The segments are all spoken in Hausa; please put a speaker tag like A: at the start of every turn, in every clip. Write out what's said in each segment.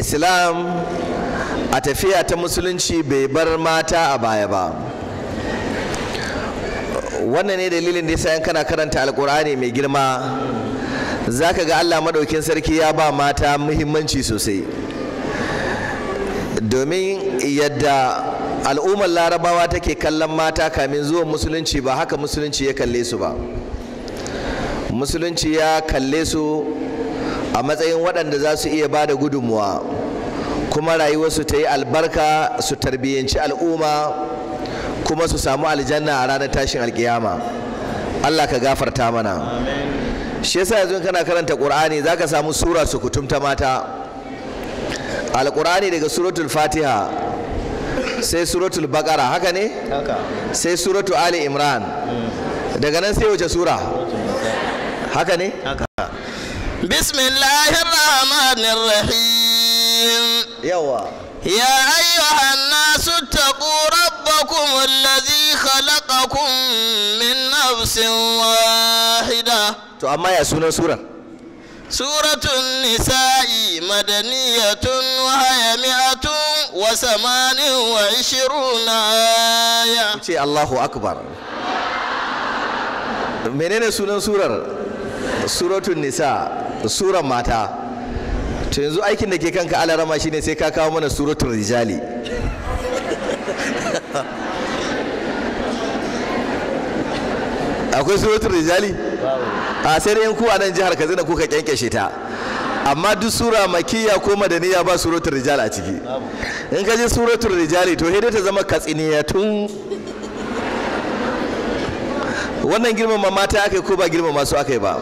A: islam a tafiya ta musulunci bai bar mata a baya ba wannan ne dalilin da ya sayan kana karanta alkur'ani mai girma za ka ga allah maɗaukin sarki ya ba mata muhimmanci sosai domin yadda al'ummar larabawa take kallon mata kamin zuwan musulunci ba haka musulunci ya kalle su ba musulunci ya kalle su a matsayin waɗanda za su iya ba da gudunmuwa kuma rayuwarsu ta yi albarka su tarbiyyanci al'umma kuma su samu aljanna a ranar tashin alkiyama Allah ka gafarta mana shi yasa yanzu kana karanta Qur'ani zaka samu sura su kutumta mata alqur'ani daga suratul fatiha sai suratul baqara haka ne sai suratu ali imran mm. daga nan sai wace sura haka ne
B: بسم الله الرحمن الرحيم يوا يا أيها الناس اتقوا ربكم الذي خلقكم من نفس واحدة
A: تو أما يا سورة سورة
B: سورة النساء مدنية وهي مئة وثمان وعشرون
A: آية الله أكبر menene sunan surar suratul nisa suran mata to yanzu aikin da ke kanka alarama shine sai ka kawo mana suratul rijali akwai suratul rijali a sai dai ku a nan jihar Katsina kuka kyankyashe ta amma duk sura makiyya ko madaniya ba suratul rijali a ciki in ka je suratul rijali to sai ta zama katsiniyatun wannan girmama mata aka yi ko ba girmama su aka yi ba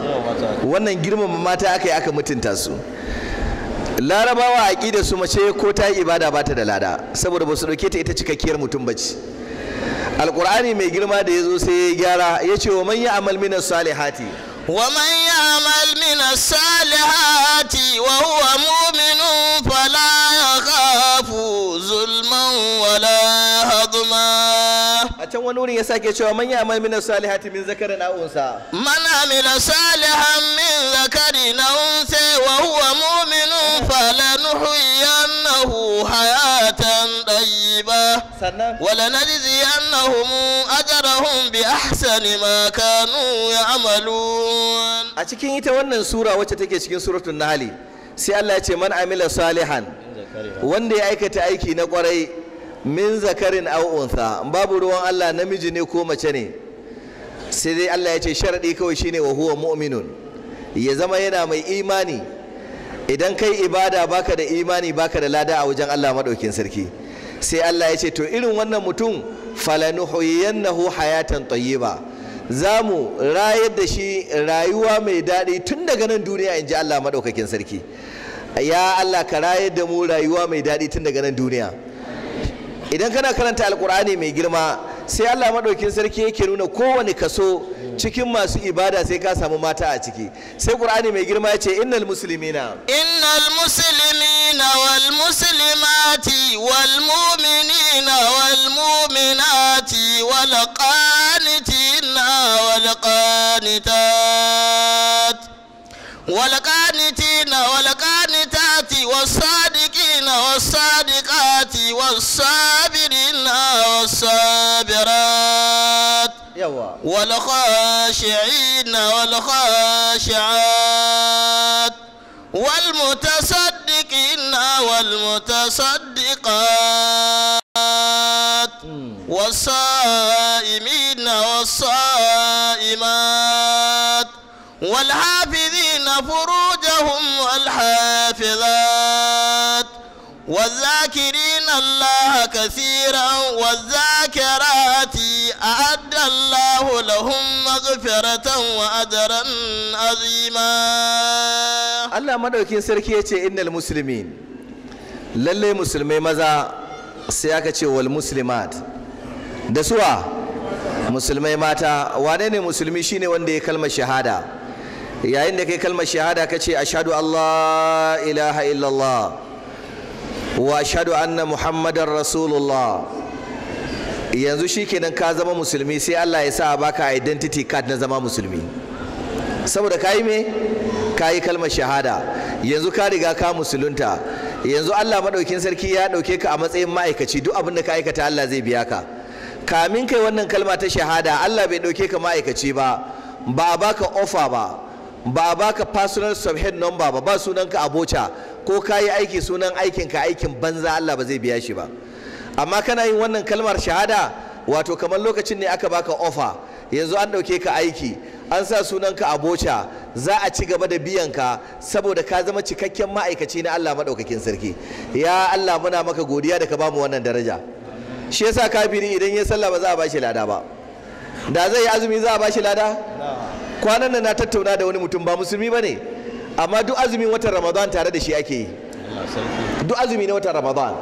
A: wannan girmama mata aka yi aka mutunta su larabawa a da su mace ko ta yi ibada ba ta da lada saboda ba su ɗauke ta ita cikakkiyar mutum ba ce alƙur'ani mai girma da ya zo sai ya gyara ya ce wa man ya amal minas salihati ومن
B: يعمل
A: من wa fala. can wani wurin ya sake cewa man ya amal minas salihati min zakarin aw unsa man
B: amila salihan min zakari aw unsa wa huwa mu'minun falanuhyiyannahu hayatan tayyiba
A: sannan wa lanajziyannahum ajrahum bi ahsani ma kanu ya'malun a cikin ita wannan sura wacce take cikin suratul nahl sai Allah ya ce man amila salihan wanda ya aikata aiki na kwarai min zakarin au'unsa babu ruwan Allah namiji ne ko mace ne sai dai Allah ya ce sharadi kawai shine wa huwa mu'minun ya zama yana mai imani idan kai ibada baka da imani baka da lada a wajen Allah madaukin sarki sai Allah ya ce to irin wannan mutum falanuhuyiyannahu hayatan tayyiba za mu rayar da shi rayuwa mai daɗi tun daga nan duniya in ji Allah maɗaukakin sarki ya Allah ka rayar da mu rayuwa mai daɗi tun daga nan duniya idan kana karanta alkur'ani mai girma sai allah maɗaukin sarki yake nuna kowane kaso cikin masu ibada sai ka samu mata a ciki sai ƙur'ani mai girma ya ce innal muslimina
B: innal muslimina wal muslimati wal mu'minina wal mu'minati wal qanitina wal qanitat wal qanitina wal qanitati was sadiqina was والصابرين والصابرات والخاشعين والخاشعات والمتصدقين والمتصدقات والصائمين والصائمات والحافظين فروجهم والحافظات والذاكرين الله كثيرا والذاكرات أعد الله لهم مغفرة
A: وأجرا عظيما الله مدوكين سركي إن المسلمين للي مسلمي ماذا سياكة والمسلمات دسوا musulmai mata wane ne musulmi shine wanda ya kalmar shahada yayin da kai kalmar shahada kace ashhadu allah ilaha illallah واشهد ان محمد رسول الله yanzu shikenan ka zama musulmi sai Allah ya sa a baka identity card na zama musulmi saboda kayi me kayi kalmar shahada yanzu ka riga ka musulunta yanzu Allah madaukin sarki ya dauke ka a matsayin ma'aikaci duk abinda da ka aikata Allah zai biya ka kamin kai wannan kalma ta shahada Allah bai dauke ka ma'aikaci ba ba a baka ofa ba ba ba ka personal subhead number ba ba sunanka abocha ko ka yi aiki sunan aikinka aikin banza Allah ba zai biya shi ba amma kana yin wannan kalmar shahada wato kamar lokacin ne aka baka offer yanzu an ɗauke ka aiki an sa sunanka abocha za a ci gaba da biyan ka saboda ka zama cikakken ma'aikaci na Allah maɗaukakin sarki ya Allah muna maka godiya da ka bamu wannan daraja shi yasa kafiri idan ya sallah ba za a bashi lada ba da zai yi azumi za a ba shi lada kwanan nan na tattauna da wani mutum ba musulmi ba ne amma duk azumin watan ramadan tare da shi ake yi duk azumi na watan ramadan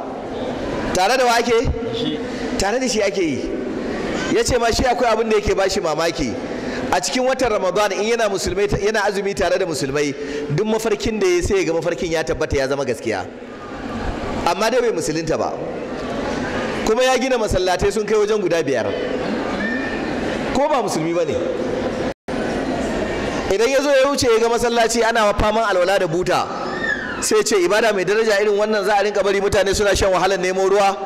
A: tare da wa ake tare da shi ake yi ya ce ma shi akwai abin da yake ba shi mamaki a cikin watan ramadan in yana musulmai yana azumi tare da musulmai duk mafarkin da ya sai ga mafarkin ya tabbata ya zama gaskiya amma dai bai musulunta ba kuma ya gina masallatai sun kai wajen guda biyar ko ba musulmi ba ne idan ya zo ya wuce ya ga masallaci ana faman alwala da buta sai ce ibada mai daraja irin wannan za a rinka bari mutane suna shan wahalar nemo ruwa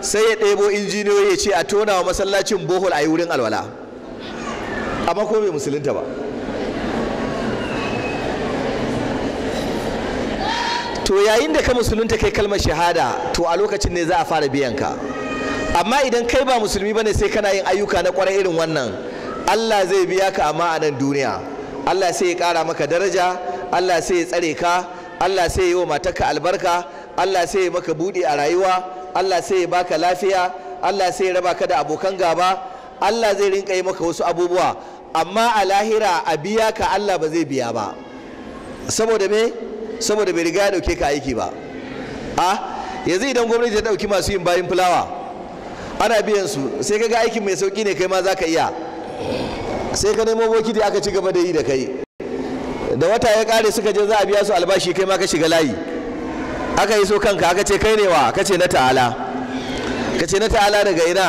A: sai ya ɗebo injiniyoyi ya ce a tona wa masallacin bohol a yi wurin alwala amma ko bai musulunta ba to yayin da ka musulunta kai kalmar shahada to a lokacin ne za a fara biyan ka amma idan kai ba musulmi bane sai kana yin ayyuka na kwarai irin wannan Allah zai biya ka amma a nan duniya Allah sai ya ƙara maka daraja Allah sai ya tsare ka Allah sai ya yi wa matarka albarka Allah sai ya maka buɗe a rayuwa Allah sai ya baka lafiya Allah sai ya raba ka da abokan gaba Allah zai rinka yi maka wasu abubuwa amma a lahira a biya ka Allah ba zai biya ba saboda me saboda bai riga ya dauke ka aiki ba a yanzu idan gwamnati ta dauki masu yin bayan fulawa ana biyan su sai kaga aikin mai sauki ne kai ma zaka iya sai ka nemo bokiti aka ci gaba da yi da kai da wata ya kare suka je za a biya su albashi kai ma ka shiga layi aka yi so kanka aka ce kai ne wa ka ce na ta'ala ka ce na ta'ala daga ina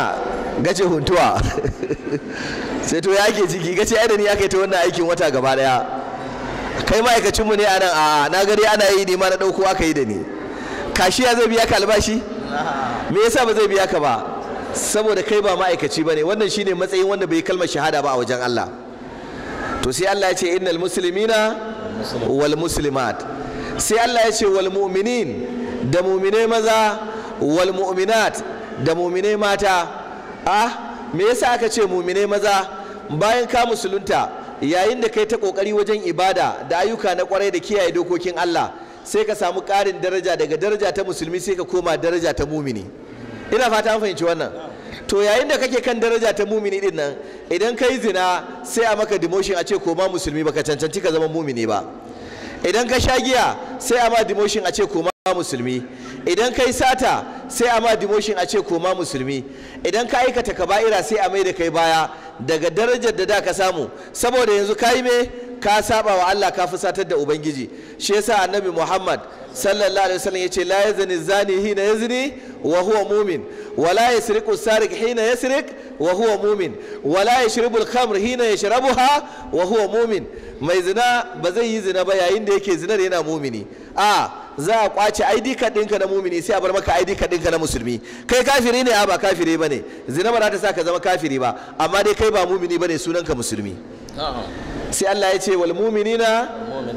A: gace huntuwa sai to ya ke ciki gace ai da ni aka yi ta wannan aikin wata gaba daya kai mu ne a nan a na gari ana yi ne ma na dauko aka yi da ni kashiya zai biya ka albashi me yasa ba zai biya ka ba saboda kai ba ma'aikaci ba ne. wannan shine matsayin wanda bai kalmar shahada ba a wajen Allah to sai Allah ya ce innal muslimina wal muslimat sai Allah ya ce wal mu'minin da mu'mine maza wal mu'minat da mu'mine mata ah me yasa aka ce mu'mine maza bayan ka musulunta yayin da kai ta kokari wajen ibada da ayyuka na kwarai da kiyaye dokokin Allah sai ka samu karin daraja daga daraja ta musulmi sai ka koma daraja ta mumini ina fata an fahimci wannan to yayin da kake kan daraja ta mumini din nan idan kai zina sai a maka demotion a ce ko ma musulmi baka cancanci ka zama mumini ba idan ka sha giya sai a ma demotion a ce ko ma musulmi idan kai sata sai a ma demotion a ce ko ma musulmi idan ka aikata ka kaba'ira sai a mai da kai baya daga darajar da da ka samu saboda yanzu ka yi me ka saba wa Allah ka fusatar da ubangiji shi yasa annabi Muhammad sallallahu alaihi wasallam yace la yazni zani hina yazni wa huwa mu'min wa la yasriqu sariq hina yasriq wa huwa mu'min wa la yashrabu al-khamr hina yashrabuha wa huwa mu'min mai zina ba zai yi zina ba yayin da yake zinar yana mumini a za a kwace ID card ɗinka na mumini sai a bar maka ID card ɗinka na musulmi kai kafiri ne a ba kafiri bane zina ba za ta sa ka zama kafiri ba amma dai kai ba mumini bane sunanka musulmi sai Allah ya ce wal mu'minina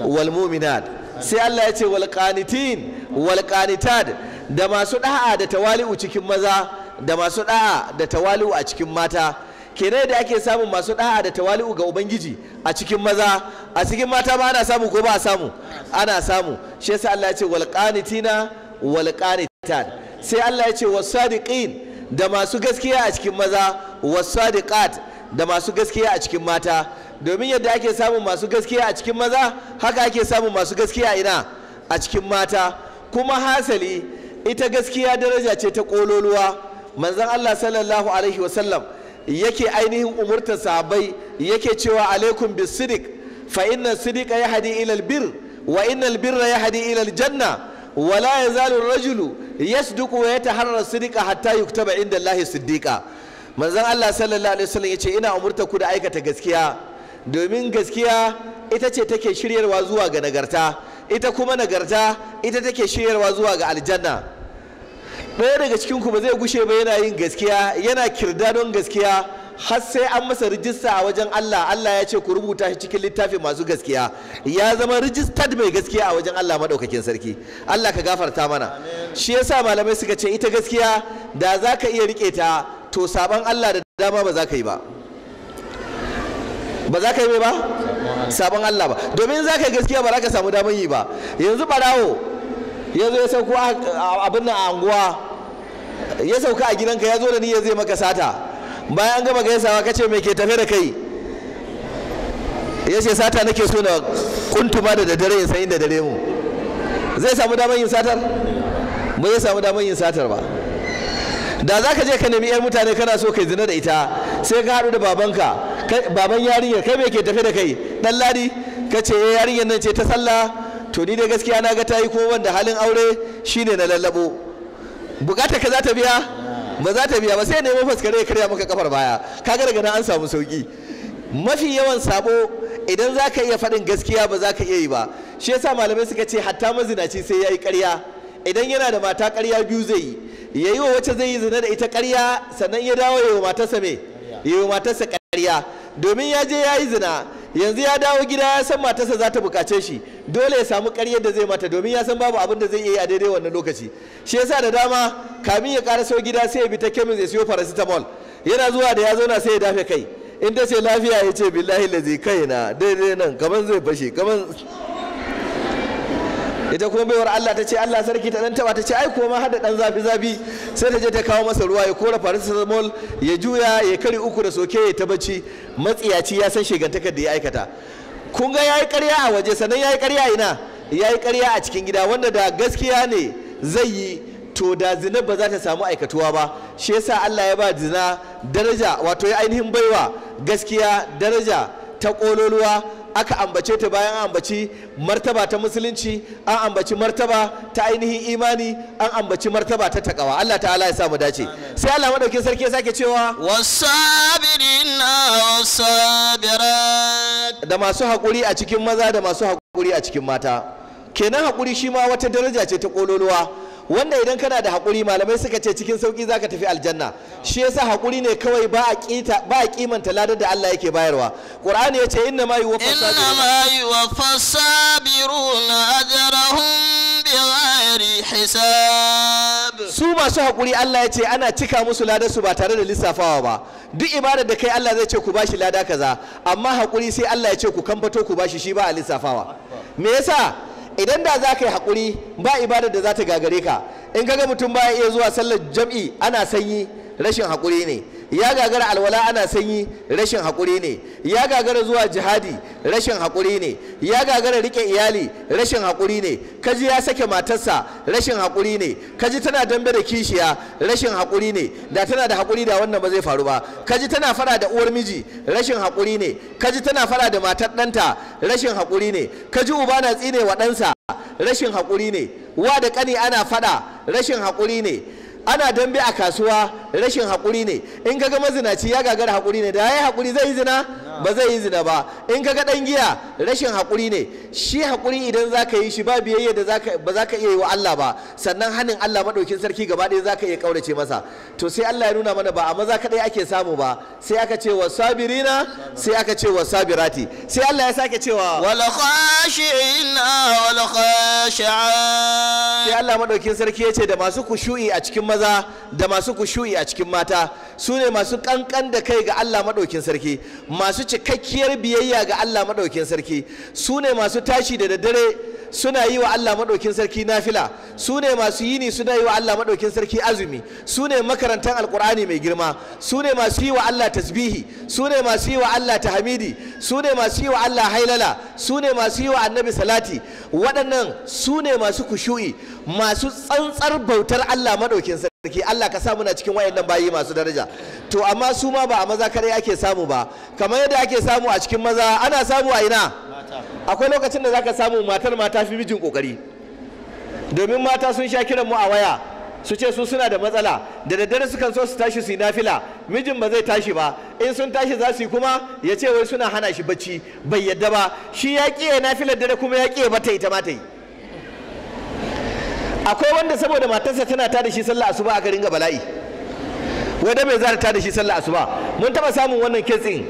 A: wal mu'minat sai Allah ya ce walƙanitin walƙanitad da masu da'a da tawali'u cikin maza da masu da'a da tawali'u a cikin mata kenan da ake samun masu ɗa'a da tawali'u ga ubangiji a cikin maza a cikin mata ba ana samu ko ba a samu ana samu shi yasa Allah ya ce walƙanitina walƙanitad sai Allah ya ce wasadiqin da masu gaskiya a cikin maza wasadiqat da masu gaskiya a cikin mata domin yadda ake samun masu gaskiya a cikin maza haka ake samun masu gaskiya ina a cikin mata kuma hasali ita gaskiya daraja ce ta kololuwa manzon Allah sallallahu alaihi wasallam yake ainihin umurtar sahabbai yake cewa alaikum bisidik fa inna sidika yahadi ilal bir wa inna albirra yahdi ilal janna wa la yazalu rajulu yasduqu wa yataharra sidika hatta yuktaba inda Allah siddiqa manzon Allah sallallahu alaihi wasallam yace ina umurtar ku da aikata gaskiya domin gaskiya ita ce take shiryarwa zuwa ga nagarta ita kuma nagarta ita take shiryarwa zuwa ga aljanna ɗaya daga cikin ba zai gushe ba yana yin gaskiya yana kirda don gaskiya har sai an masa rijista a wajen Allah Allah ya ce ku rubuta shi cikin littafin masu gaskiya ya zama rijistar mai gaskiya a wajen Allah maɗaukakin sarki Allah ka gafarta mana shi yasa malamai suka ce ita gaskiya da za ka iya rike ta to saban Allah da dama ba za ka yi ba ba za ka yi mai ba sabon Allah ba domin za ka yi gaskiya ba za ka samu damar yi ba yanzu barawo ya zo ya sauko abin nan a anguwa ya sauka a gidanka ya zo da ya zai maka sata bayan an gama gaisawa ka ce me ke tafe da kai ya ce sata nake so na kuntuma da daddare ya sayin da dare mu zai samu damar yin satar ba zai samu damar yin satar ba da za ka je ka nemi 'yan mutane kana so kai zina da ita sai ka haɗu da babanka baban yarinyar kai me ke tafi da kai ɗan ladi ka ce eh, yarinyar nan ce ta sallah to ni dai gaskiya na ga ta yi ko wanda halin aure shine na lallabo bukata ka za ta biya ba za ta biya ba sai nemo faskare ya karya maka kafar baya kaga daga nan an samu sauki mafi yawan sabo idan za ka iya faɗin gaskiya ba za ka iya yi ba shi yasa malamai suka ce hatta mazinaci sai ya yi karya idan yana da mata karya biyu zai yi ya yi wa wacce zai yi zina da ita ƙarya sannan ya dawo ya matarsa me matarsa ƙarya domin ya je ya yi zina yanzu ya dawo gida ya san matarsa za ta bukace shi dole ya samu ƙaryar da zai mata domin ya san babu abin da zai iya a daidai wannan lokaci shi yasa da dama kamin ya ƙaraso gida sai ya bi ta kemis ya siyo paracetamol yana zuwa da ya zauna sai ya dafe kai in ta ce lafiya ya ce billahi lazi na daidai nan kamar zai fashe kamar ita kuma baiwar Allah ta ce Allah sarki ta dan taba ta ce ai ko ma hada dan zafi zafi sai ta je ta kawo masa ruwa ya kora paracetamol ya juya ya kari uku da soke ya ta bacci matsiyaci ya san shigantakar da ya aikata kun ga yayi ƙarya a waje sanan yayi ƙarya ina yayi ƙarya a cikin gida wanda da gaskiya ne zai yi to da zina ba za ta samu aikatuwa ba shi yasa Allah ya ba zina daraja wato ya ainihin baiwa gaskiya daraja ta ƙololuwa aka ambace ta bayan an ambaci martaba ta musulunci an ambaci martaba ta ainihin imani an ambaci martaba ta takawa Allah ta'ala ya samu dace sai Allah madaukin sarki ya sake cewa wasabirina wasabira da masu haƙuri a cikin maza da masu haƙuri a cikin mata kenan hakuri shi ma wata daraja ce ta ƙololuwa wanda idan kana da haƙuri malamai suka ce cikin sauƙi zaka tafi aljanna shi yasa haƙuri ne kawai ba a ƙimanta ladar da Allah yake bayarwa qur'ani yace inna ma
B: yuwaffas sabiruna hisab
A: su masu haƙuri Allah ya ce ana cika musu ladar su ba tare da lissafawa ba duk ibadar da kai Allah zai ce ku bashi lada kaza amma haƙuri sai Allah ya ce ku kamfato ku bashi shi ba a lissafawa me yasa idan da za ka yi haƙuri ba ibadar da za ta gagare ka in kaga mutum baya iya zuwa sallar jam'i ana sanyi rashin haƙuri ne ya gagara alwala ana sanyi rashin hakuri ne ya gagara zuwa jihadi rashin hakuri ne ya gagara rike iyali rashin hakuri ne kaji ya sake matarsa rashin hakuri ne kaji tana dambe da kishiya rashin hakuri ne da tana da haƙuri da wannan ba zai faru ba kaji tana fara da uwar miji rashin hakuri ne kaji tana fara da matar ɗanta rashin hakuri ne kaji uba na tsine wa ɗansa rashin hakuri ne wa da ƙani ana faɗa rashin hakuri ne ana dambe a kasuwa rashin haƙuri ne in kaga mazinaci ya gagara haƙuri ne da ya yi haƙuri zai yi zina ba zai yi zina ba in ka ga ɗan giya rashin haƙuri ne shi haƙuri idan za ka yi shi ba biyayya da ba za ka iya yi wa Allah ba sannan hannun Allah maɗaukin sarki gaba ɗaya za ka iya ƙaurace masa to sai Allah ya nuna mana ba a maza kaɗai ake samu ba sai aka ce wa sabirina sai aka ce wa sabirati sai Allah ya sake cewa wal khashi'ina wal sai Allah maɗaukin sarki ya ce da masu kushu'i a cikin maza da masu kushu'i a cikin mata su ne masu kankan da kai ga Allah maɗaukin sarki masu cikakkiyar biyayya ga Allah maɗaukin sarki su ne masu tashi da daddare suna yi wa Allah maɗaukin sarki nafila su ne masu yini suna yi wa Allah maɗaukin sarki azumi su ne makarantar alkur'ani mai girma su ne masu yi wa Allah tasbihi su ne masu yi wa Allah hamidi su ne masu yi wa Allah hailala su ne masu yi wa annabi salati waɗannan su ne masu kushu'i masu tsantsar bautar Allah maɗaukin sarki sarki Allah ka sa muna cikin wayannan bayi masu daraja to amma su ma ba a maza kare ake samu ba kamar yadda ake samu a cikin maza ana samu a ina akwai lokacin da zaka samu matar mata fi mijin kokari domin mata sun sha kiran mu a waya su ce su suna da matsala da daddare sukan so su tashi su yi nafila mijin ba zai tashi ba in sun tashi za su yi kuma ya ce wai suna hana shi bacci bai yadda ba shi ya ƙi nafilar dare kuma ya ƙi ba ta ita matai. ta yi akwai wanda saboda matarsa tana tada shi sallah asuba aka ringa bala'i wadda bai ta tada shi sallah asuba mun taba samun wannan kitsin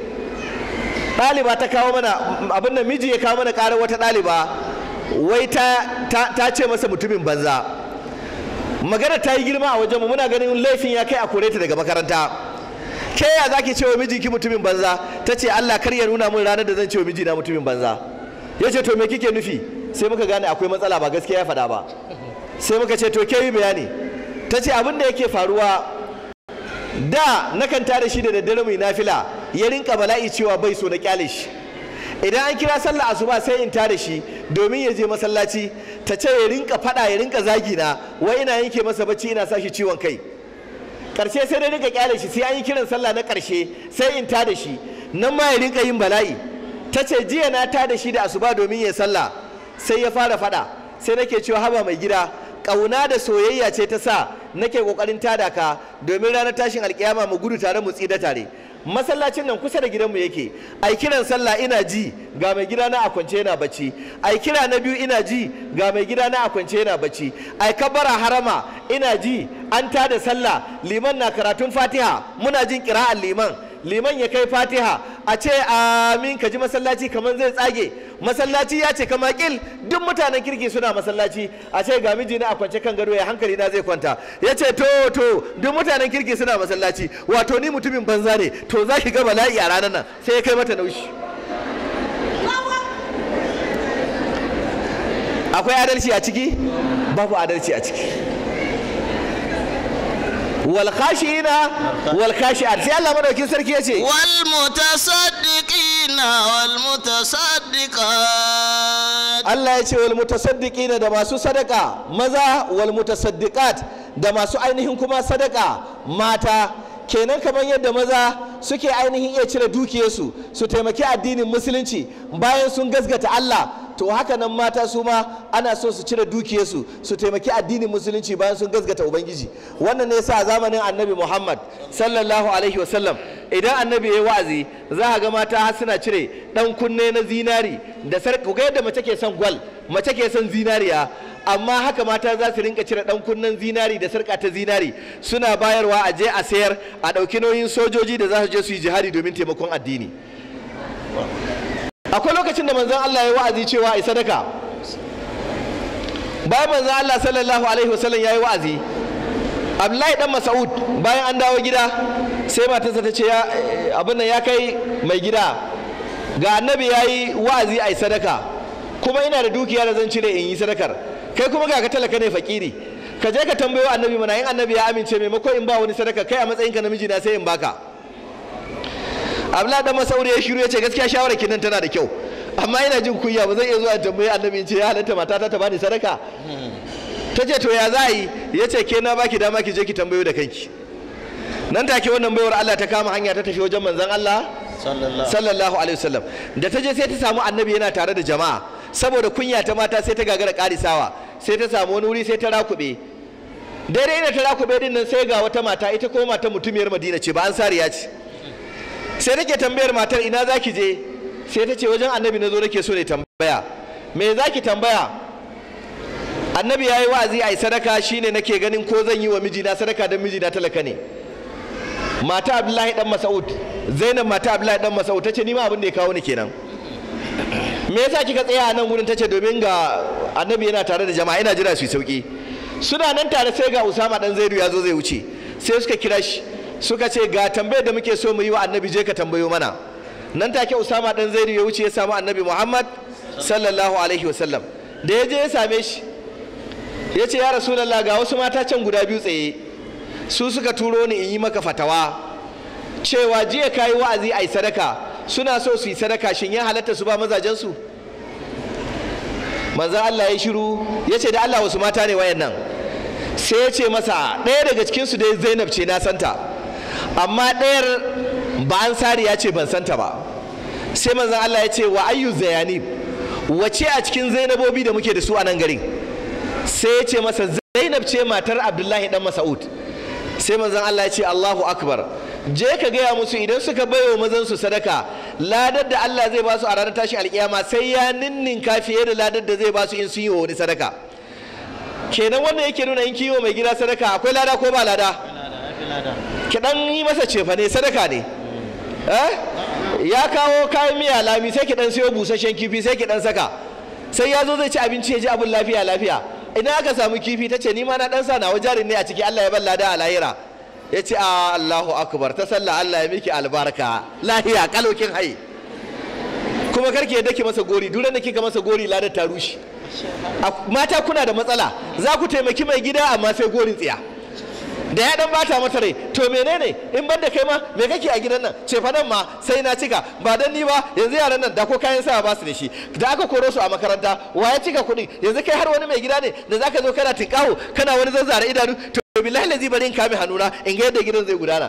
A: ɗaliba ta kawo mana abin da miji ya kawo mana ƙarar wata ɗaliba wai ta ce masa mutumin banza magana ta yi girma a wajenmu muna ganin laifin ya kai a kore ta daga makaranta ke ya za ki ce wa mijinki mutumin banza ta ce allah kar ya nuna min ranar da zan ce wa mijina mutumin banza ya ce to me kike nufi sai muka gane akwai matsala ba gaskiya ya faɗa ba sai muka ce to ke yi bayani ta ce abin da yake faruwa da nakan tare shi da daddare mai nafila ya rinka bala'i cewa bai so na kyale shi idan an kira sallah asuba sai in tare shi domin ya je masallaci ta ce ya rinka fada ya rinka zagi na wai ina yanke masa bacci ina sa shi ciwon kai karshe sai dai rinka kyale shi sai an yi kiran sallah na karshe sai in tare shi nan ma ya rinka yin bala'i ta ce jiya na tare shi da asuba domin ya sallah sai ya fara fada sai nake cewa haba mai gida ƙauna da soyayya ce ta sa nake ƙoƙarin tada ka domin ranar tashin alƙiyama mu gudu tare mu tsira tare masallacin nan kusa da gidan mu yake ai kiran sallah ina ji ga mai gida na a yana bacci ai kira na biyu ina ji ga mai gida na a kwance yana bacci ai kabara harama ina ji an tada sallah liman na karatun fatiha muna jin kira'an liman liman ya kai fatiha a ce amin ka ji masallaci kamar zai tsage masallaci ya ce kama kil duk mutanen kirki suna masallaci a ce ga mijina a kwance kan gado ya hankali na zai kwanta ya ce to to duk mutanen kirki suna masallaci wato ni mutumin banza ne to za ki ga bala'i a ranar nan sai ya kai mata naushi akwai adalci a ciki babu adalci a ciki wal khashiina wal khashiat Allah madaukin sarki ya ce.
B: mutasaddiqina wal
A: mutasaddiqat Allah yace wal mutasaddiqina da masu sadaka maza wal da masu ainihin kuma sadaka mata kenan kamar yadda maza suke ainihin iya cire dukiyarsu su taimaki addinin musulunci bayan sun gasgata Allah to haka nan mata su ma ana so su cire dukiyarsu su taimaki addinin musulunci bayan sun gasgata ubangiji wannan ne yasa zamanin annabi muhammad sallallahu alaihi wasallam idan annabi ya wa'azi za a ga mata har suna cire dan kunne na zinari da sarki ga yadda mace ke son gwal mace ke son zinariya amma haka mata za su rinka cire dan kunnen zinari da sarka ta zinari suna bayarwa a je a sayar a ɗauki nauyin sojoji da za su je su yi jihadi domin taimakon addini akwai lokacin da manzon Allah ya wa'azi cewa ai sadaka bayan manzon Allah sallallahu alaihi wasallam ya yi wa'azi Abdullahi dan Mas'ud bayan an dawo gida sai matarsa ta ce abin nan ya kai mai gida ga annabi ya yi wa'azi ai sadaka kuma ina da dukiya da zan cire in yi sadakar kai kuma ga ka talaka ne fakiri ka je ka tambayo annabi mana in annabi ya amince mai maimako in ba wani sadaka kai a matsayinka namiji na sai in baka abla da masauri ya shiru ya ce gaskiya shawarar kinan tana da kyau amma ina jin kunya ba zan iya zuwa tambayi annabi in ce ya halatta matata ta bani sadaka ta ce to ya za yi ya ce ke na baki dama ki je ki tambayo da kanki nan take wannan baiwar Allah ta kama hanya ta tafi wajen manzon Allah sallallahu alaihi wasallam da ta je sai ta samu annabi yana tare da jama'a saboda kunya ta mata sai ta gagara karisawa sai ta samu wani wuri sai ta rakube daidai da ta rakube din nan sai ga wata mata ita ko mata mutumiyar madina ce ba an ya ce sai take tambayar matar ina zaki je sai ta ce wajen annabi na zo nake so ne tambaya me zaki tambaya annabi ya yi wa'azi a yi sadaka shine nake ganin ko zan yi wa mijina sadaka don mijina talaka ne mata abdullahi dan mas'ud zainab mata abdullahi dan mas'ud ce ni ma abin da ya kawo ni kenan me yasa kika tsaya a nan gurin tace domin ga annabi yana tare da jama'a yana jira su sauki suna nan tare sai ga usama dan zaidu ya zo zai wuce sai suka kira shi suka ce ga tambayar da muke so mu yi wa annabi je ka tambayo mana nan take usama dan zaidu ya wuce ya samu annabi muhammad sallallahu alaihi wasallam da ya je ya same shi ya ce ya rasulallah ga wasu mata can guda biyu tsaye su suka turo ni in yi maka fatawa cewa jiya kayi wa'azi a yi sadaka suna so su yi sadaka shin ya halatta su ba mazajen su manzo Allah ya shiru ya ce da Allah wasu mata ne wayannan sai ya ce masa ɗaya daga cikinsu su dai Zainab ce na santa amma ɗayar ba an sari ya ce ban santa ba sai manzo Allah ya ce wa ayyu zayani? wace a cikin Zainabobi da muke da su a nan garin sai ya ce masa Zainab ce matar Abdullahi dan Mas'ud sai mazan Allah ya ce Allahu akbar je ka gaya musu idan suka baiwa mazan su sadaka ladar da Allah zai basu a ranar tashi alkiyama sai ya ninnin kafiye da ladar da zai basu in sun yi wa wani sadaka kenan wanda yake nuna in kiwo mai gida sadaka akwai lada ko ba lada ki yi masa cefa ne sadaka ne eh? ya kawo kayan miya lami sai ki dan siyo busasshen kifi sai ki dan saka sai ya zo zai ci abinci ya ji abin lafiya lafiya idan aka samu kifi ta ce ni ma na dan sa nawa jarin ne a ciki Allah ya ban lada a lahira ya ce a ah, Allahu akubar ta sallah Allah ya miki albarka lahiya kalokin hai kuma karki yadda ke masa gori duran da kika masa gori lada ta rushe mata kuna da matsala za ku taimaki mai gida amma sai gorin tsiya da ya dan bata mata rai to menene in banda kai ma me kake a gidan nan ce fadan ma sai na cika ba dan ni ba yanzu yaran nan da ko kayan sa ba su da shi da aka koro su a makaranta wa ya cika kuɗi yanzu kai har wani mai gida ne da zaka zo kana tinkaho kana wani zazzara idanu to billahi lazi bari in kame hannuna in ga yadda gidan zai gudana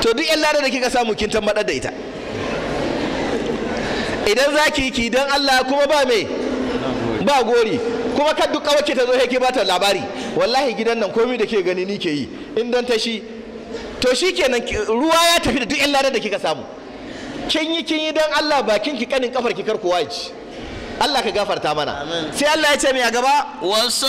A: to duk yan lada da kika samu kin tambaɗar da ita idan za ki ki don Allah kuma ba me ba gori kuma kan duk kawace ta zo ke ba ta labari wallahi gidan nan komai da ke gani ni ke yi in don ta shi to shi kenan ruwa ya tafi da duk yan lada da kika samu kin yi kin yi don Allah bakin ki kanin kafar ki kar kowa ya ci Allah ka gafarta mana sai Allah ya ce mai a gaba wasa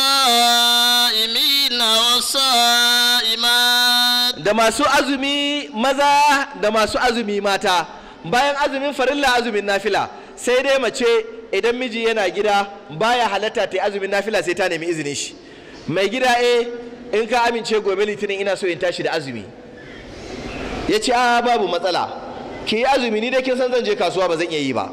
B: ima
A: da masu azumi maza da masu azumi mata bayan azumin farilla azumin nafila sai dai mace idan miji yana gida baya halatta ta azumin nafila sai ta nemi izinin shi mai gida e in ka amince gobe litinin ina so in tashi da azumi ya ce a ah, babu matsala ki yi azumi ni dai kin san zan je kasuwa ba zan iya yi ba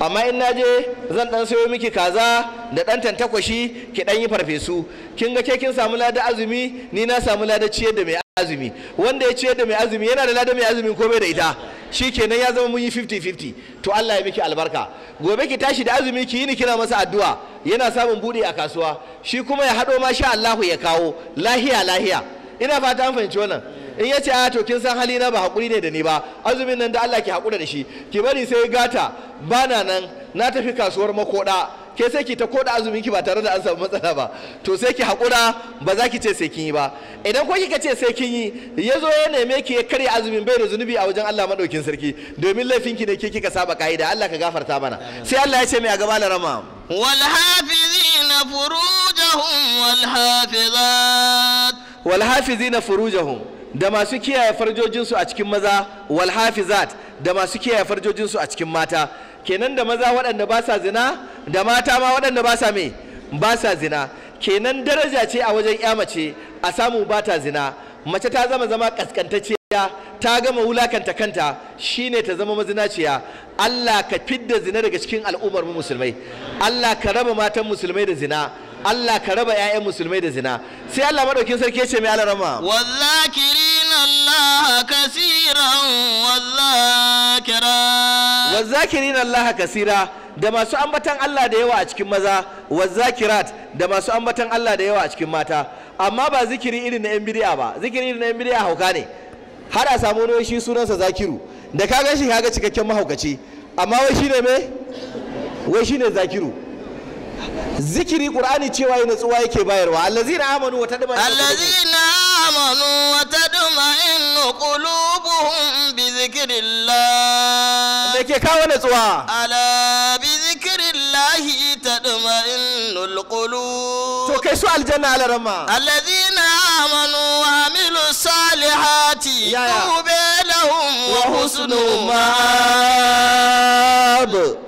A: amma in naje zan dan sayo miki kaza da dan tantakwashi ki dan yi farfesu kin ga ke kin samu lada azumi ni na samu lada ciyar da mai azumi wanda ya ciyar da mai azumi yana da lada mai azumi ko bai da ita Shi kenan ya zama mun yi 50-50 to Allah ya miki albarka gobe ki tashi da azumi ki yi ni kira masa addu'a yana samun buɗe a kasuwa shi kuma ya haɗo ma sha Allahu ya kawo lahiya lahiya ina fata an fahimci wannan in ya ce a ah, to kin san hali na ba hakuri ne da ni ba azumin nan da Allah ki haƙura da shi ki bari sai gata bana nan na tafi kasuwar makoda ke sai ki ta koda azumin ki ba tare da an samu matsala ba to sai ki haƙura ba za ki ce sai kin yi ba idan ko kika ce sai kin yi ya zo ya neme ki ya karya azumin bai da zunubi a wajen Allah madaukin sarki domin laifin ki ne ke kika saba ka'ida Allah ka gafarta mana sai Allah ya ce mai a gaba larama
B: والحافظين فروجهم والحافظات
A: والحافظين فروجهم da masu kiyaye farjojinsu a cikin maza wal hafizat da masu kiyaye farjojinsu a cikin mata kenan da maza waɗanda ba sa zina da mata ma waɗanda ba sa me ba sa zina kenan daraja ce a wajen ya mace a samu ba ta zina mace ta zama zama kaskantacciya ta gama wulakanta kanta shine ta zama mazinaciya Allah ka fidda zina daga cikin al'ummar musulmai Allah ka raba matan musulmai da zina Allah ka raba 'ya'yan musulmai da zina sai Allah madaukin sarki ya ce mai alarama
B: wazakirin Allah kasiran
A: wazakira wazakirin Allah kasira da masu ambatan Allah da yawa a cikin maza wazakirat da masu ambatan Allah da yawa a cikin mata amma ba zikiri irin na 'yan bid'a ba zikiri irin na 'yan bid'a hauka ne har a samu wani shi sunansa zakiru da ka gan shi ga cikakken mahaukaci amma wai shine me wai shine zakiru zikiri qur'ani cewa yana tsuwa yake bayarwa na amanu wata wa allazi na
B: amanu wata duma inu qulubuhum bi lahi.
A: me ke kawo natsuwa
B: ala bi duma inu qulub
A: to kai su aljanna alarama na amanu wa amilu salihati ya ya ya ya ya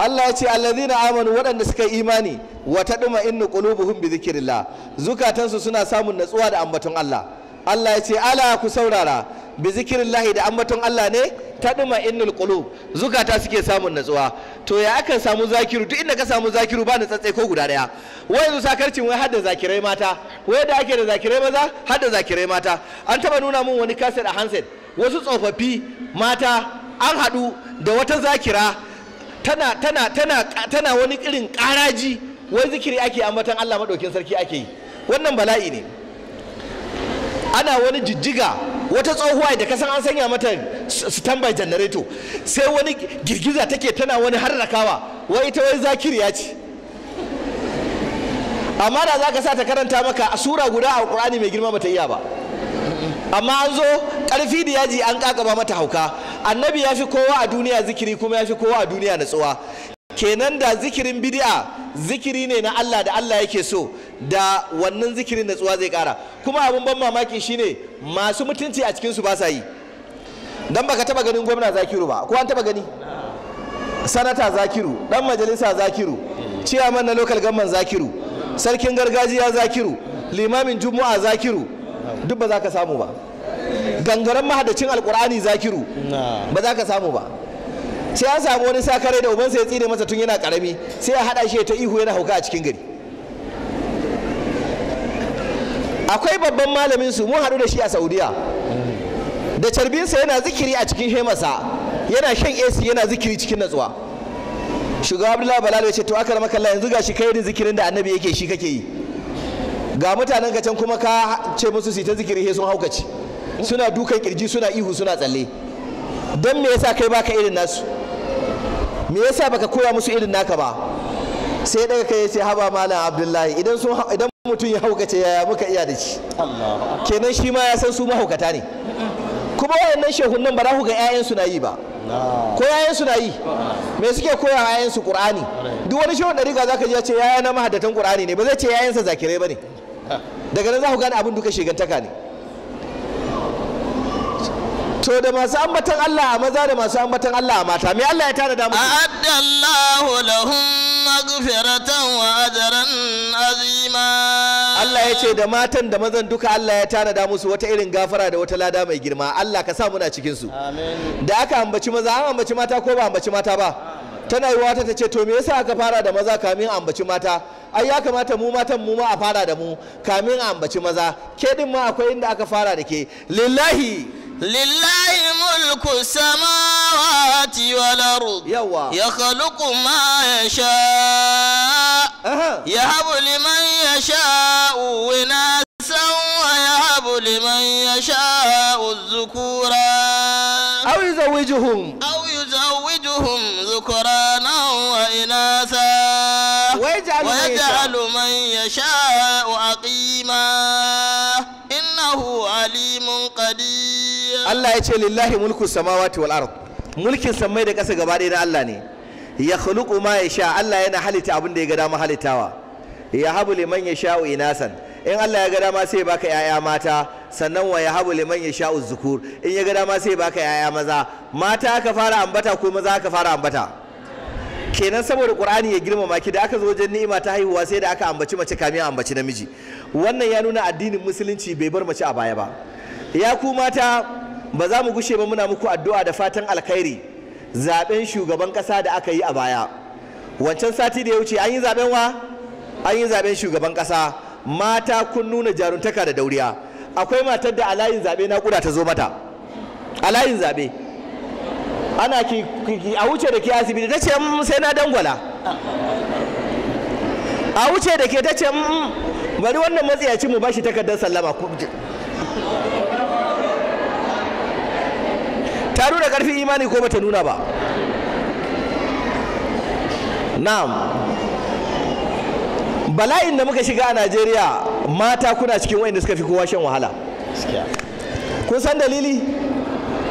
A: Allah ya ce na amanu waɗanda suka yi imani wa tadma innu qulubuhum bi dhikrillah zukatansu suna samun natsuwa da ambaton Allah Allah ya ce ala ku saurara bi zikrillah da ambaton Allah ne ɗuma innul qulub zukata suke samun natsuwa to ya akan samu zakiru duk inda ka samu zakiru ba natsatsai ko guda daya wai yanzu sakarcin wai hadda zakirai mata wai da ake da zakirai maza hadda zakirai mata an taba nuna mun wani kaset a handset wasu tsofaffi mata an haɗu da wata zakira tana tana tana tana wani irin ƙaraji wai zikiri ake ambatan Allah madaukin sarki ake yi wannan bala'i ne ana wani jijjiga wata tsohuwa da kasan an sanya mata standby generator sai wani girgiza take tana wani harrakawa wai ita wai zakiriya ce amma da za ka sa ta karanta maka a sura guda a ƙur'ani mai girma bata iya ba amma an zo karfi da yaji an ƙaƙaba mata hauka annabi ya fi kowa a duniya zikiri kuma ya fi kowa a duniya natsuwa kenan da zikirin bid'a zikiri ne na Allah da Allah yake so da wannan zikirin natsuwa zai kara kuma abin ban mamaki shine masu mutunci a cikinsu ba sa yi dan baka taba ganin gwamna zakiru ba ko an taba gani sanata zakiru dan majalisa zakiru ciyaman na local government zakiru sarkin gargajiya zakiru limamin juma'a zakiru duk ba za ka samu ba gangaren mahadacin alkur'ani zakiru ba za ka samu ba sai ya samu wani sakare da ubansa ya tsine masa tun yana karami sai ya hada shi ta ihu yana hauka a cikin gari akwai babban malamin su mun hadu da shi a saudiya da carbinsa yana zikiri a cikin hemasa yana shan ac yana zikiri cikin natsuwa shugaba abdullahi balalo ya ce to aka maka yanzu gashi kai irin zikirin da annabi yake shi kake yi ga mutanen ka can kuma ka ce musu su ta zikiri he sun haukace suna dukan kirji suna ihu suna tsalle don me yasa kai baka irin nasu me yasa baka koya musu irin naka ba sai daga kai sai haba malam abdullahi idan sun idan mutum ya haukace yaya muka iya da shi kenan shi ma ya san su mahaukata ne kuma wayannan shehun nan ba za ku ga 'ya'yansu na yi ba ko ƴaƴan su na yi me suke koya ƴaƴan su qur'ani duk wani shehun riga zaka ji ya ce yaya na mahaddatan qur'ani ne ba zai ce ƴaƴan sa zakirai bane daga nan za ku gane abin duka shigantaka ne to da masu ambatan Allah a maza da masu ambatan Allah a mata me Allah ya tana da musu lahum maghfiratan wa ajran azima Allah ya ce da matan da mazan duka Allah ya tana da musu wata irin gafara da wata lada mai girma Allah ka sa muna cikin su da aka ambaci maza an ambaci mata ko ba ambaci mata ba tana yi wata ta ce to me yasa aka fara da maza kamin a ambaci mata ai ya kamata mu matan mu ma a fara da mu kamin a ambaci maza ke din ma akwai inda aka fara da ke lillahi
B: lillahi mulku samawati wal ard yawa ya khaluqu ma yasha habu liman yasha wa yahabu liman yasha az-zukura
A: أو يزوجهم أو
B: يزوجهم ذكرانا وإناثا ويجعل, ويجعل من يشاء عقيما
A: إنه عليم قدير الله يقول لله ملك السماوات والأرض mulkin sammai da ƙasa gaba ɗaya na Allah ne ya khuluqu Allah yana halitta abin da ya ga dama halittawa ya habu liman yasha'u inasan in Allah ya ga dama sai baka yaya mata sannan wa ya habu liman ya sha'u zukur in ya ga dama sai baka yaya maza mata ka fara ambata ko maza ka fara ambata kenan saboda qur'ani ya girmama ki da aka zo wajen ni'ima ta haihuwa sai da aka ambaci mace kamin ambaci namiji wannan ya nuna addinin musulunci bai bar mace a baya ba ya ku mata ba za mu gushe ba muna muku addu'a da fatan alkhairi zaben shugaban kasa da aka yi a baya wancan sati da ya wuce an yi zaben wa an yi zaben shugaban kasa mata kun nuna jaruntaka da dauriya akwai matar da a layin zaɓe naƙuda ta zo mata a layin zaɓe ana ki a wuce da ke asibiti ta ce mm, sai na dangwala a wuce da ke ta ce mm, mm, bari wannan matsayaci mu bashi takardar sallama ta nuna ƙarfin imani ko bata nuna ba na'am bala'in da muka shiga a najeriya mata kuna cikin wayanda suka fi kowa shan wahala kun san dalili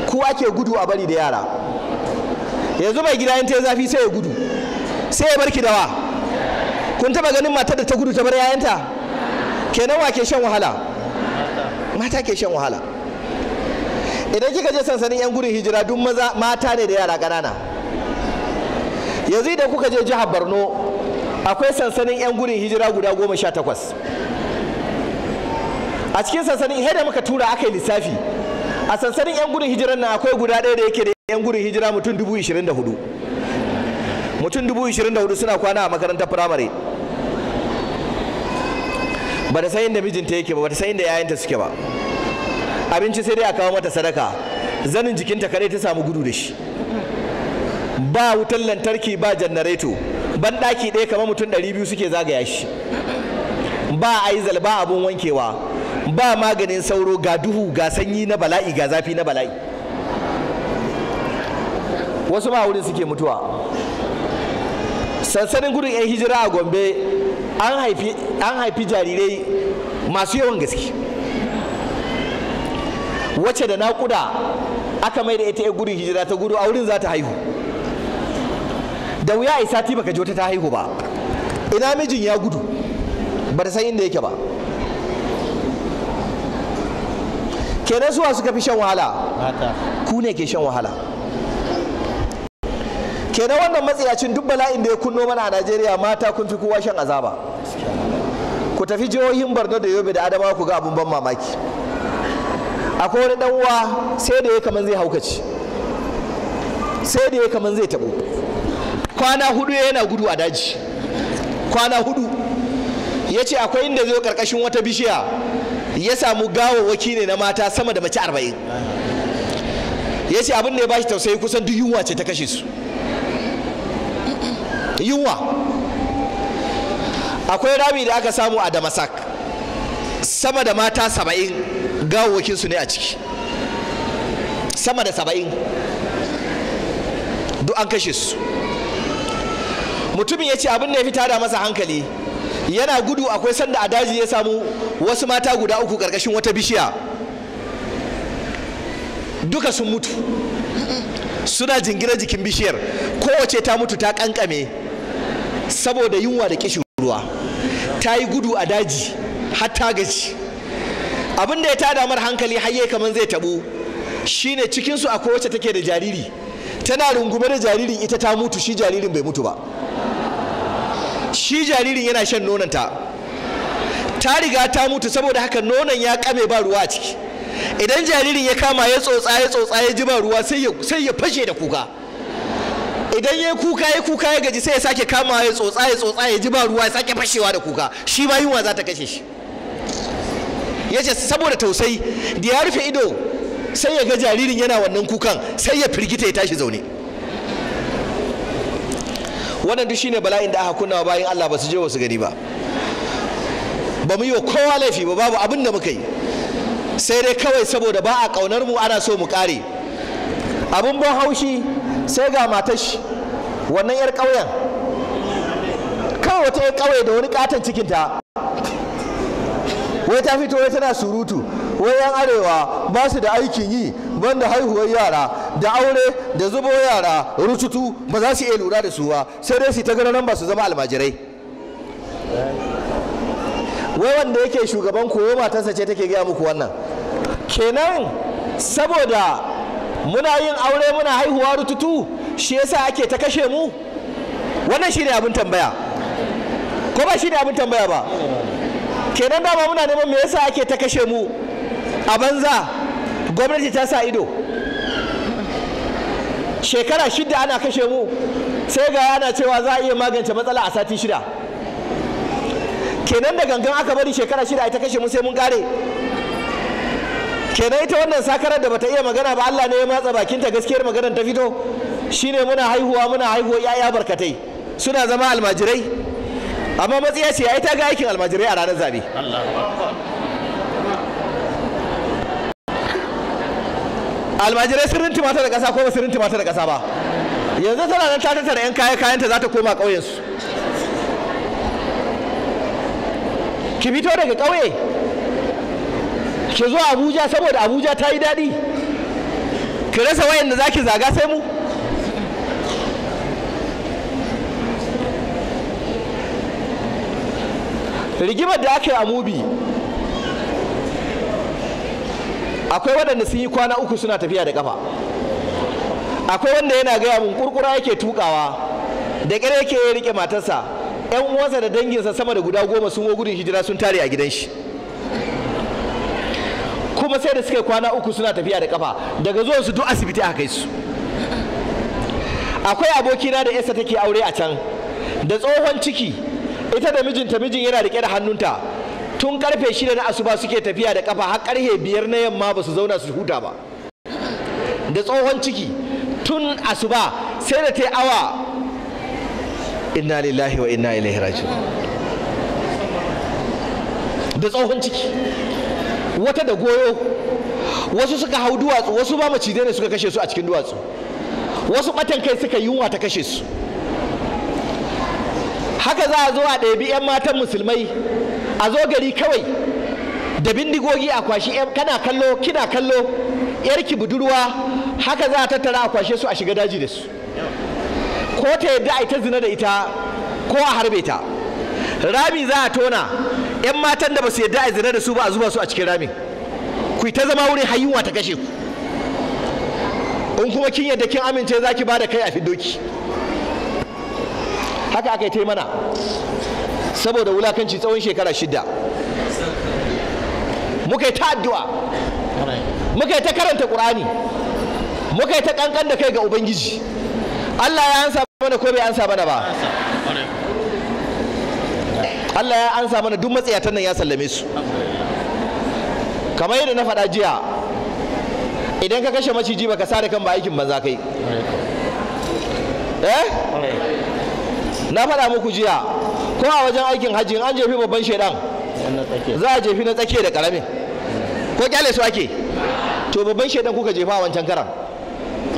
A: kowa ke gudu a bari da yara yanzu mai gida ta zafi sai ya gudu sai ya bar ki dawa kun taba ganin matar da ta gudu ta bar yayanta kenan wa ke shan wahala mata ke shan wahala idan kika je sansanin yan gudun hijira duk maza mata ne da yara ƙanana yanzu idan kuka je jihar borno akwai sansanin 'yan gudun hijira guda goma sha takwas a cikin sansanin ihe da muka tura aka yi lissafi a sansanin 'yan gudun hijiran nan akwai guda ɗaya da yake da 'yan gudun hijira mutum dubu ishirin da hudu mutum dubu ishirin da hudu suna kwana a makarantar firamare ba da sayin da mijinta yake ba ba da sayin da yayanta suke ba abinci sai dai a kawo mata sadaka zanin jikinta kare ta samu gudu da shi ba wutar lantarki ba janareto Banɗaki ɗaya kamar mutum ɗari biyu suke zagaya shi ba a yi zalba abun wankewa ba maganin sauro ga duhu ga sanyi na bala'i ga zafi na bala'i wasu ma wurin suke mutuwa sansanin gudun 'yan hijira a gombe an haifi jarirai masu yawan gaske wacce da naƙuda aka mai da ita gudun hijira ta gudu a wurin za ta haihu da wuya a sati baka je wata ta haihu ba ina mijin ya gudu ba ta san inda yake ba kenan suwa suka fi shan wahala ku ne ke shan wahala kenan wannan matsiyacin duk bala'in da ya kunno mana a najeriya mata kun fi kowa shan azaba ku tafi jihohin borno da yobe da adama ku ga abun ban mamaki akwai wani dan uwa sai da ya kaman zai haukaci sai da ya kaman zai tabo kwana hudu yana gudu a daji kwana hudu ya ce akwai inda zai karkashin wata bishiya ya samu gawawwaki ne na mata sama da mace arba'in ya ce abin da ya shi tausayi kusan duk yunwa ce ta kashe su yunwa akwai rami da aka samu a damasak sama da mata saba'in gawawwakin su ne a ciki sama da saba'in duk an kashe su mutumin ya ce abin da ya fi tada masa hankali yana gudu akwai sanda a daji ya samu wasu mata guda uku karkashin wata bishiya duka sun mutu suna jingina jikin bishiyar kowace ta mutu ta kankame saboda yunwa da kishin ruwa ta yi gudu a daji har ta gaji abin da ya tada mar hankali hayye kamar zai tabu shine cikinsu akwai wacce take da jariri tana rungume da jaririn ita ta mutu shi jaririn bai mutu ba shi jaririn yana shan nonanta ta riga ta mutu saboda haka nonon ya kame ba ruwa a ciki idan jaririn ya kama ya tsotsa ya tsotsa ya ji ba ruwa sai ya fashe da kuka idan ya kuka ya kuka ya gaji sai ya sake kama ya tsotsa ya tsotsa ya ji ba ruwa ya sake fashewa da kuka shi ma yunwa za ta kashe shi ya ce saboda tausayi da ya rufe ido sai ya ga jaririn yana wannan kukan sai ya firgita ya tashi zaune wannan duk shine bala'in da aka kunna bayan Allah ba su je wasu gani ba ba mu yi wa kowa laifi ba babu abin da muka yi sai dai kawai saboda ba a kaunar mu ana so mu kare abin ban haushi sai ga matashi wannan yar ƙauyen kawai wata yar ƙauye da wani ƙaton cikinta wai ta fito wai tana surutu wai yan arewa ba su da aikin yi banda haihuwar yara da aure da zubo yara rututu ba za su iya lura da su ba sai dai su ta ganin ba su zama almajirai wai wanda yake shugaban koyo matarsa ce take gaya muku wannan kenan saboda muna yin aure muna haihuwa rututu shi yasa ake ta kashe mu wannan shine abin tambaya ko ba shine abin tambaya ba kenan dama muna neman me yasa ake ta kashe mu a banza gwamnati ta sa ido shekara shida ana kashe mu sai ga yana cewa za a iya magance matsala a sati shida kenan da gangan aka bari shekara shida ita kashe mu sai mun kare kenan ita wannan sakarar da bata iya magana ba Allah ne ya matsa bakinta gaskiyar maganar ta fito shine muna haihuwa muna haihuwa yaya barkatai suna zama almajirai amma matsiya ce ya ita ga aikin almajirai a ranar zabe almajirai sirrin rintima da ƙasa ko ba sirrin tumatir da kasa ba yanzu tana nan ta tattara 'yan kayan kayanta za ta koma ƙauyensu ki fito daga ƙauye ki zo abuja saboda abuja ta yi daɗi ki rasa wayanda za ki zaga sai mu rigimar da aka yi a mubi akwai waɗanda sun yi kwana uku suna tafiya da ƙafa akwai wanda yana gaya mun kurkura yake tukawa da ƙyar yake ya riƙe matarsa yan uwansa da danginsa sama da guda goma sun gudun hijira sun tare a gidan shi kuma sai da suka kwana uku suna tafiya da ƙafa daga zuwan su duk asibiti aka kai su akwai abokina da yasa take aure a can da tsohon ciki ita da mijinta mijin yana riƙe da hannunta tun karfe shida na asuba suke tafiya da kafa har karfe biyar na yamma ba su zauna su huta ba da tsohon ciki tun asuba sai da ta yi awa inna lillahi wa inna ilaihi raji'un da tsohon ciki wata da goyo wasu suka hau duwatsu wasu ba macizai ne suka kashe su a cikin duwatsu wasu ɓatan kai suka yunwa ta kashe su haka za a zo a ɗabi 'yan matan musulmai a zo gari kawai da bindigogi a kwashi kana kallo kina kallo yarki budurwa haka za a tattara a kwashe su a shiga daji da su ko ta yadda a ta zina da ita ko a harbe ta rami za a tona yan matan da ba su yadda a zina da su ba a zuba su a cikin rami ku ta zama wurin hayunwa ta kashe ku in kuma kin yadda kin amince za ki ba da kai a fi doki. haka aka yi ta mana saboda wulakanci tsawon shekara shida muka yi ta addu'a muka yi ta karanta ƙur'ani muka yi ta ƙanƙan da kai ga ubangiji Allah ya ansa mana ko bai ansa mana ba Allah ya ansa mana duk matsayatan nan ya sallame su kamar yadda na faɗa jiya idan ka kashe maciji baka sare kan ba aikin banza kai eh na faɗa muku jiya ko a wajen aikin hajji an jefi babban shaidan za a jefi na tsakiya da ƙaramin ko kyale su ake to babban shaidan kuka jefa a wancan karan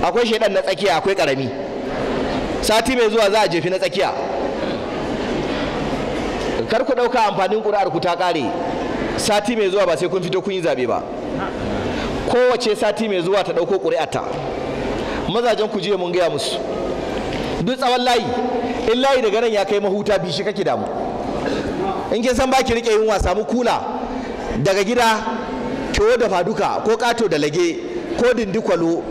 A: akwai shaidan na tsakiya akwai ƙarami sati mai zuwa za a jefi na tsakiya kar ku ɗauka amfanin ƙuri'ar ku ta ƙare sati mai zuwa ba sai kun fito kun yi zaɓe ba kowace sati mai zuwa ta ɗauko ƙuri'arta mazajen ku je mun gaya musu duk tsawon layi in layi daga nan ya kai mahuta bi shi kake damu in kin san baki rike yunwa samu kula daga gida kyau da faduka ko kato da lage ko dindikwalo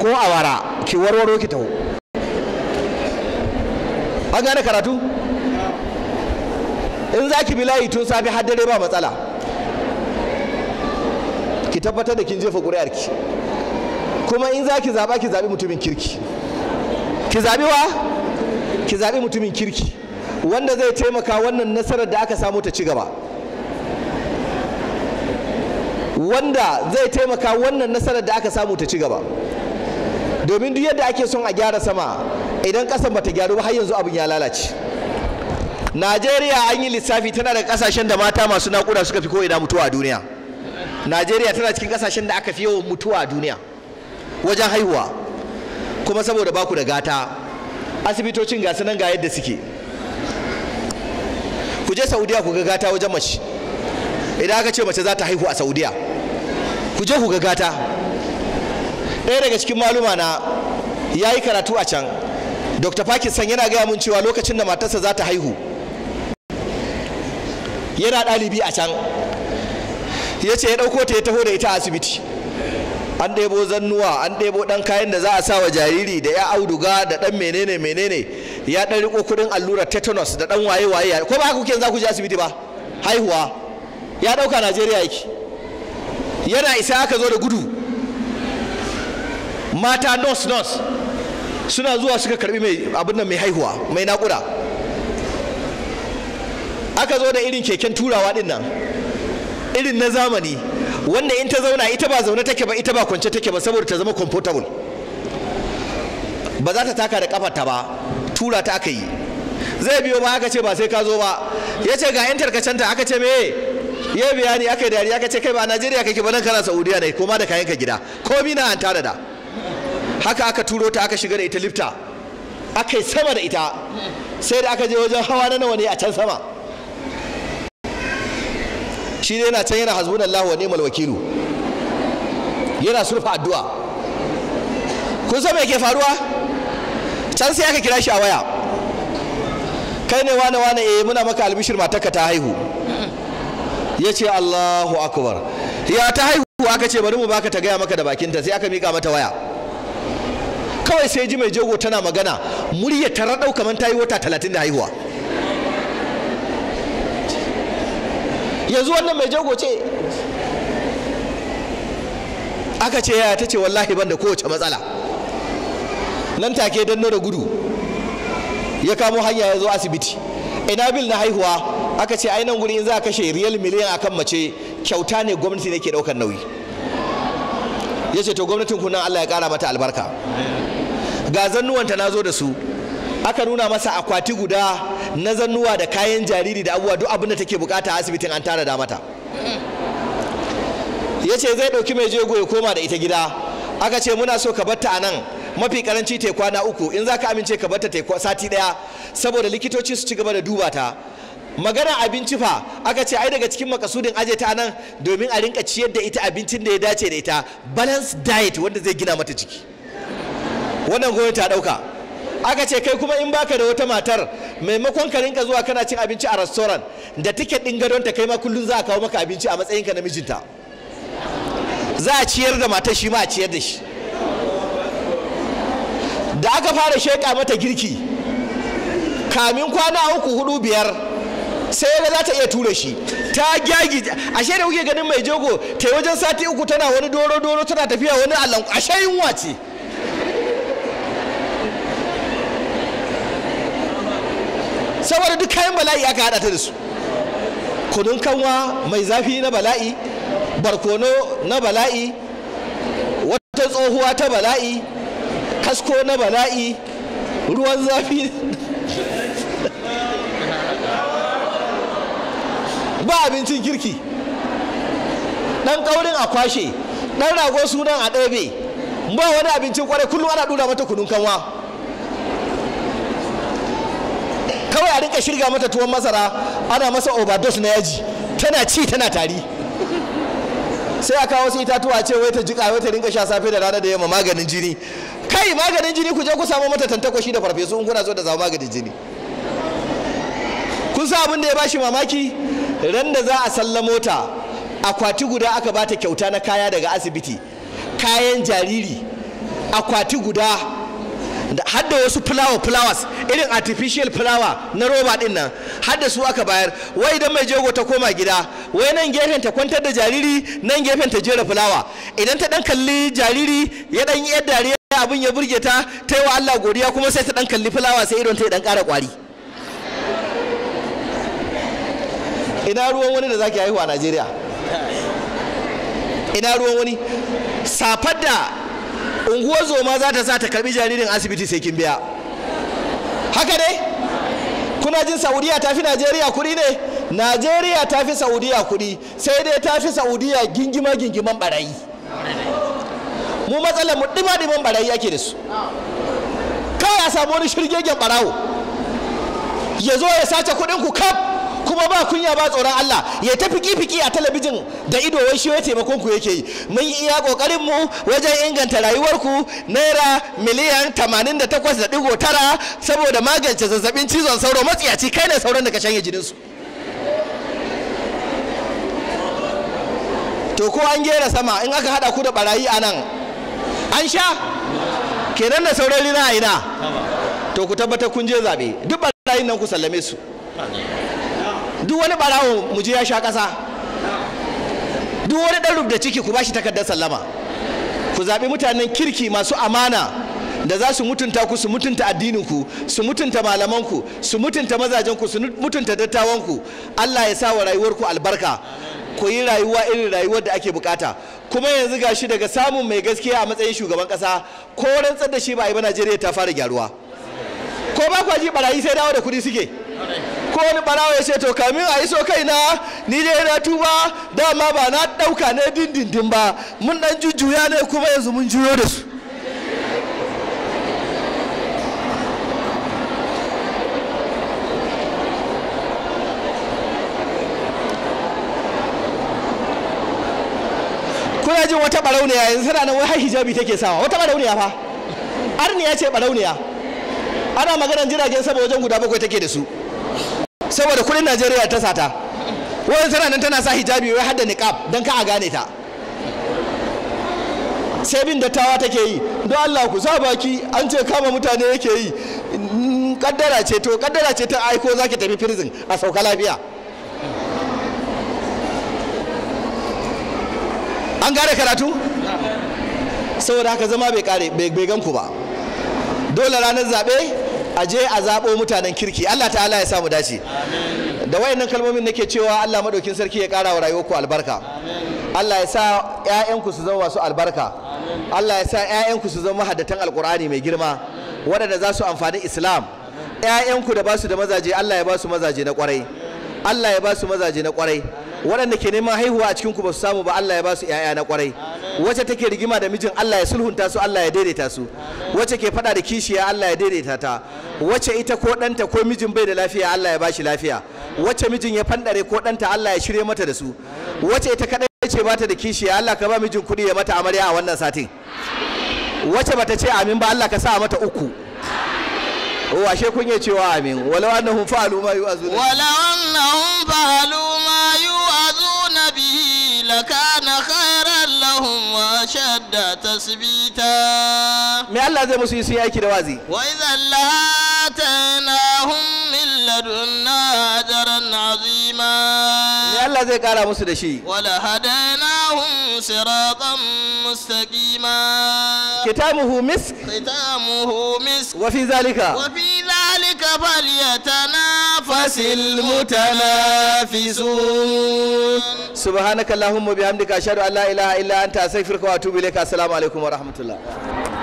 A: ko awara ki warwaro ki taho an gane karatu in za ki bi layi tun safe har dare ba matsala ki tabbatar da kin jefa ƙuri'arki kuma in za ki zaɓa ki zaɓi mutumin kirki ki zaɓi wa ki zaɓi mutumin kirki wanda zai taimaka wannan nasarar da aka samu ta ci gaba wanda zai taimaka wannan nasarar da aka samu ta ci gaba domin duk yadda ake son a gyara sama idan kasan bata gyaru ba har yanzu abin ya lalace najeriya an yi lissafi tana da kasashen da mata masu naƙuda suka fi ko ina mutuwa a duniya najeriya tana cikin kasashen da aka fi yawan mutuwa a duniya wajen haihuwa kuma saboda baku da gata asibitocin ga nan ga yadda suke ku je saudiya ku ga gata wajen mace idan aka ce mace za ta haihu a saudiya ku je ku ga gata ɗaya daga cikin maluma na ya yi karatu a can dr pakistan yana gaya mun cewa lokacin da matarsa za ta haihu yana ɗalibi a can ya ce ya ɗauko ta ya taho da ita a asibiti an ɗebo zannuwa an ɗebo ɗan kayan da za a sa wa jariri da ya auduga da ɗan menene menene ya ɗan riƙo kuɗin allura tetanus da ɗan waye waye ko ba haka kuke za ku je asibiti ba haihuwa ya ɗauka najeriya yake yana isa aka zo da gudu mata nos nos suna zuwa suka karbi mai abin nan mai haihuwa mai naƙuda aka zo da irin keken turawa ɗin nan irin na zamani wanda in ta zauna ita ba zaune take ba ita ba kwance take ba saboda ta zama comfortable ba za ta taka da kafarta ba tura ta aka yi zai biyo ba aka ce ba sai ka zo ba ya ce ga yantar kacanta aka ce meye ya ni aka yi dariya aka ce kai ba najeriya kake ba nan kana saudiya ne koma da kayan ka gida komi na an tara da haka aka turo ta aka shiga da ita lifta aka yi sama da ita sai da aka je wajen hawa na nawa ne a can sama shi ne yana can yana hasbunallahu wa ni'mal wakilu yana surfa addu'a kun san me ke faruwa can sai aka kira shi a waya kai ne wane wane eh muna maka albishir matarka ta haihu ya ce Allahu akbar ya ta haihu aka ce bari mu baka ta gaya maka da bakinta sai aka mika mata waya kawai sai ji mai jego tana magana Muryar ta raɗau kamar ta yi wata talatin da haihuwa yanzu wannan mai jago ce aka ce yaya ta ce wallahi ban da kowace matsala nan take don da gudu ya kamo hanya ya zo asibiti ina bil na haihuwa aka ce ai nan guri in za a kashe riyal miliyan a kan mace kyauta ne gwamnati ne ke daukar nauyi ya ce to gwamnatin kunan Allah ya kara mata albarka ga zannuwanta na zo da su aka nuna masa akwati guda na zannuwa da kayan jariri da abubuwa duk abin da take bukata a asibitin an tara da mata ya ce zai ɗauki mai jego ya koma da ita gida aka ce muna so ka batta a nan mafi karanci ta kwana uku in za ka amince ka batta ta sati ɗaya saboda likitoci su ci gaba da duba ta magana abinci fa aka ce ai daga cikin makasudin aje ta nan domin a rinka ciyar da ita abincin da ya dace da ita balance diet wanda zai gina mata jiki wannan goyon ta ɗauka aka ce kai kuma in baka da wata matar maimakon ka rinka zuwa kana cin abinci a restaurant da tiket din gadon ta kai ma kullun za a kawo maka abinci a matsayin ka na mijinta za a ciyar da matar shi ma a ciyar da shi da aka fara sheka mata girki kamin kwana uku hudu biyar sai ga za ta iya tura shi ta gyagi ashe da kuke ganin mai jego ta wajen sati uku tana wani doro doro tana tafiya wani allon ashe yunwa ce saboda duk kayan bala'i aka haɗa ta da su kudin kanwa mai zafi na bala'i barkono na bala'i wata tsohuwa ta bala'i kasko na bala'i ruwan zafi ba abincin kirki ɗan ƙaurin a kwashe ɗan rago sunan a ɗebe ba wani abincin kwarai kullum ana ɗura mata kudin kanwa kawai a rinka shirga mata tuwon masara ana masa overdose na yaji tana ci tana tari sai a kawo su itatuwa ce wai ta jika wai ta rinka sha safe da rana da yamma maganin jini kai maganin jini ku je ku samu mata tantakwashi da farfesu in kuna so da za maganin jini kun sa abin da ya bashi mamaki ran da za a sallamo ta akwati guda aka bata kyauta na kaya daga asibiti kayan jariri akwati guda da har da wasu fulawa flowers irin artificial flower na roba din nan har da su aka bayar wai idan mai jego ta koma gida wai nan gefen ta kwantar da jariri nan gefen ta jera flower idan ta dan kalli jariri ya dan yi dariya abin ya burge ta ta yi wa Allah godiya kuma sai ta dan kalli flower sai idon ta dan kara kwari ina ruwan wani da zaki haihu a Najeriya ina ruwan wani safar da unguwar zoma za ta sa ta karbi jaririn asibiti sai kin biya haka ne kuna jin saudiya ta fi najeriya kuɗi ne najeriya ta fi saudiya kuɗi sai dai ta fi saudiya gingima gingiman barayi mu matsalar mu dima ɗiman barayi ake da su kawai a samu wani shirgegen barawo ya zo ya sace kuɗin ku kaf kuma ba kunya ba tsoron Allah ya tafi kifiki a talabijin da ido wai shi wai taimakon ku yake yi mun yi iya kokarin mu wajen inganta rayuwar ku naira miliyan 88.9 saboda magance zazzabin cizon sauro matsiyaci kai ne sauran da ka shanye jinin su to ko an gera sama in aka hada ku da barayi a nan an sha kenan da sauran rina ina to ku tabbatar kun je zabe duk barayin nan ku sallame su duk wani barawo mu je ya sha ƙasa duk wani ɗan rubda ciki ku bashi takardar sallama ku zaɓi mutanen kirki masu amana da za su mutunta ku su mutunta addininku su mutunta malamanku su mutunta mazajenku su mutunta dattawanku Allah ya sa wa rayuwarku albarka ku yi rayuwa irin rayuwar da ake bukata kuma yanzu gashi daga samun mai gaskiya a matsayin shugaban kasa ko rantsar da shi ba a yi ba Najeriya ta fara gyaruwa ko ba ku ji barayi sai dawo da kuɗi suke ko wani barawa ya ce to kamin a iso kaina ni dai na tuba dama ba na ɗauka ne dindindin ba mun ɗan jujjuya ne kuma yanzu mun juyo da su kuna jin wata barauniya yanzu tana nan wai hijabi take sawa wata barauniya fa arniya ce barauniya ana maganar jiragen sama wajen guda bakwai take da su saboda kudin najeriya ta sata wani tana nan tana sa hijabi wai har da niqab dan ka a gane ta sai bin dattawa take yi don Allah ku sa baki an ce kama mutane yake yi kaddara ce to kaddara ce ta aiko ki tafi prison a sauka lafiya an gane karatu saboda haka zama bai gan ku ba dole ranar zaɓe a je a zabo mutanen kirki Allah ta'ala ya samu dace da wayannan kalmomin nake cewa Allah madaukin sarki ya ƙara wa rayuwarku albarka Allah ya sa ƴaƴanku su zama wasu albarka Allah ya sa ƴaƴanku su zama mahaddatan alƙur'ani mai girma waɗanda za su amfani Islam ƴaƴanku da ba su da mazaje Allah ya ba su mazaje na kwarai Allah ya ba mazaje na kwarai waɗanda ke neman haihuwa a cikin ku ba su samu ba Allah ya ba su ƴaƴa na kwarai. wacce take rigima da mijin Allah ya sulhunta su Allah ya daidaita su wacce ke fada da kishiya Allah ya daidaita ta wacce ita ko ɗanta ko mijin bai da lafiya Allah ya bashi lafiya wacce mijin ya fandare ko ɗanta Allah ya shirye mata da su wacce ita kadai ce bata da kishiya Allah ka ba mijin kuɗi ya mata amarya a wannan satin wacce bata ce amin ba Allah ka sa mata uku washe oh, kun yi cewa amin walau annahum fa'alu ma yu'azuna walau
B: annahum fa'alu ma yu'azuna bihi lakana khairan أتبعهم وأشد تثبيتا
A: ما الله زي مسيس يأكي دوازي وإذا
B: لآتيناهم من لدنا أجرا عظيما ما
A: الله زي قال مسيس شيء
B: ولهديناهم صراطا مستقيما ختامه مسك ختامه مسك وفي ذلك وفي ذلك فليتنافس
A: المتنافسون سبحانك اللهم وبحمدك أشهد أن لا إله إلا anta astaghfiruka wa tubile ka assalamu alaikum wa